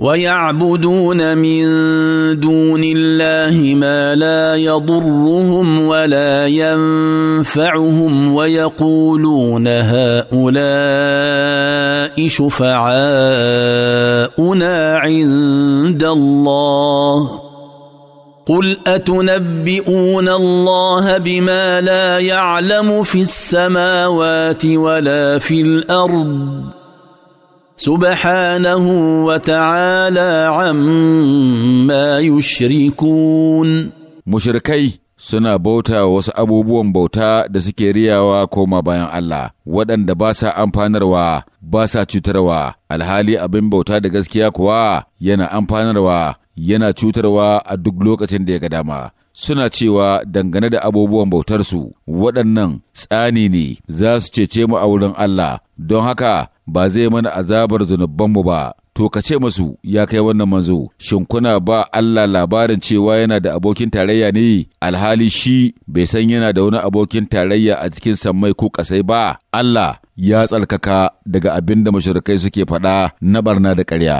ويعبدون من دون الله ما لا يضرهم ولا ينفعهم ويقولون هؤلاء شفعاؤنا عند الله قل اتنبئون الله بما لا يعلم في السماوات ولا في الارض سبحانه وتعالى عما يشركون مشركي suna bauta wasu abubuwan bauta da suke riyawa koma bayan Allah waɗanda ba sa amfanarwa ba sa cutarwa alhali abin bauta da gaskiya kuwa yana amfanarwa yana cutarwa a duk lokacin da ya ga dama suna cewa dangane da abubuwan bautarsu waɗannan tsani ne za su cece mu a wurin Allah don haka ba zai mana azabar zunubanmu ba to ka ce masu ya kai wannan manzo shin kuna ba Allah labarin cewa yana da abokin tarayya ne alhali shi bai san yana da wani abokin tarayya a cikin sammai ko kasai ba Allah ya tsarkaka daga abin da mashirkai suke faɗa na barna da ƙarya